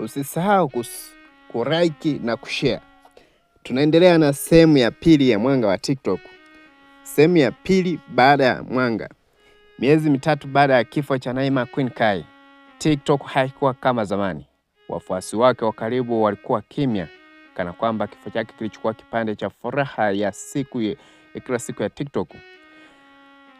Usisahau kuraiki na kushare. Tunaendelea na sehemu ya pili ya mwanga wa TikTok. Sehemu ya pili baada ya mwanga. Miezi mitatu baada ya kifo cha Naima Queen Kai, TikTok haikuwa kama zamani. Wafuasi wake wa karibu walikuwa kimya, kana kwamba kifo chake kilichukua kipande cha furaha ya siku ya kila siku ya TikTok.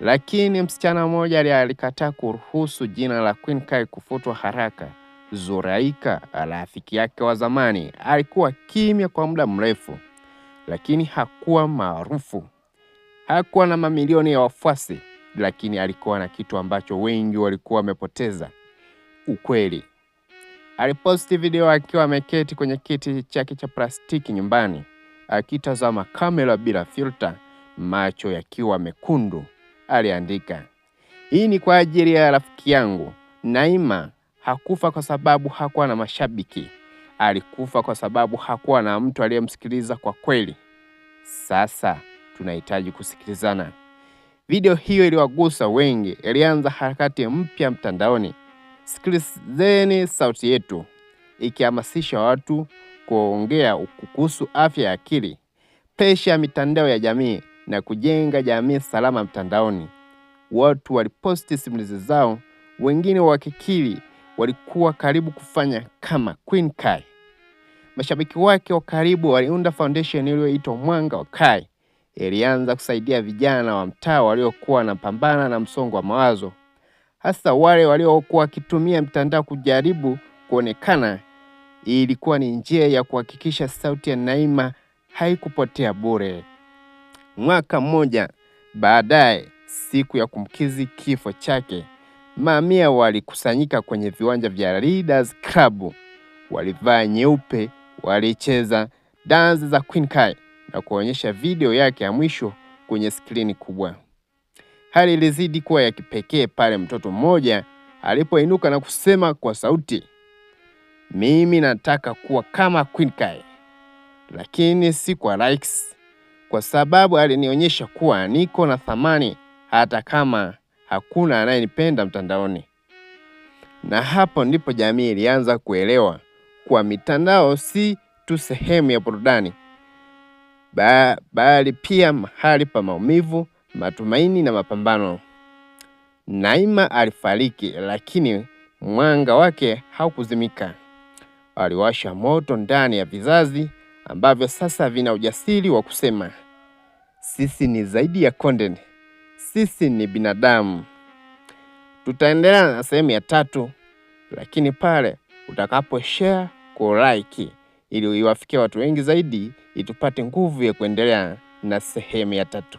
Lakini msichana mmoja alikataa kuruhusu jina la Queen Kai kufutwa haraka. Zuraika, rafiki yake wa zamani, alikuwa kimya kwa muda mrefu, lakini hakuwa maarufu. Hakuwa na mamilioni ya wafuasi, lakini alikuwa na kitu ambacho wengi walikuwa wamepoteza: ukweli. Aliposti video akiwa ameketi kwenye kiti chake cha plastiki nyumbani, akitazama kamera bila filter, macho yakiwa mekundu. Aliandika, hii ni kwa ajili ya rafiki yangu Naima Hakufa kwa sababu hakuwa na mashabiki, alikufa kwa sababu hakuwa na mtu aliyemsikiliza kwa kweli. Sasa tunahitaji kusikilizana. Video hiyo iliwagusa wengi, ilianza harakati mpya mtandaoni, Sikilizeni sauti yetu, ikihamasisha watu kuongea kuhusu afya ya akili, pesha ya mitandao ya jamii na kujenga jamii salama mtandaoni. Watu waliposti simulizi zao, wengine wakikiri walikuwa karibu kufanya kama Queen Kai. Mashabiki wake wa karibu waliunda foundation iliyoitwa Mwanga wa Kai. Ilianza kusaidia vijana wa mtaa waliokuwa wanapambana na msongo wa mawazo, hasa wale waliokuwa wakitumia mtandao kujaribu kuonekana. Ilikuwa ni njia ya kuhakikisha sauti ya Naima haikupotea bure. Mwaka mmoja baadaye, siku ya kumkizi kifo chake Mamia walikusanyika kwenye viwanja vya Leaders Club, walivaa nyeupe, walicheza dansi za Queen Kai na kuonyesha video yake ya mwisho kwenye skrini kubwa. Hali ilizidi kuwa ya kipekee pale mtoto mmoja alipoinuka na kusema kwa sauti, mimi nataka kuwa kama Queen Kai, lakini si kwa likes, kwa sababu alinionyesha kuwa niko na thamani hata kama hakuna anayenipenda mtandaoni. Na hapo ndipo jamii ilianza kuelewa kuwa mitandao si tu sehemu ya burudani, bali pia mahali pa maumivu, matumaini na mapambano. Naima alifariki, lakini mwanga wake haukuzimika. Aliwasha moto ndani ya vizazi ambavyo sasa vina ujasiri wa kusema sisi ni zaidi ya content sisi ni binadamu. Tutaendelea na sehemu ya tatu, lakini pale utakapo share like ili iwafikie watu wengi zaidi, itupate nguvu ya kuendelea na sehemu ya tatu.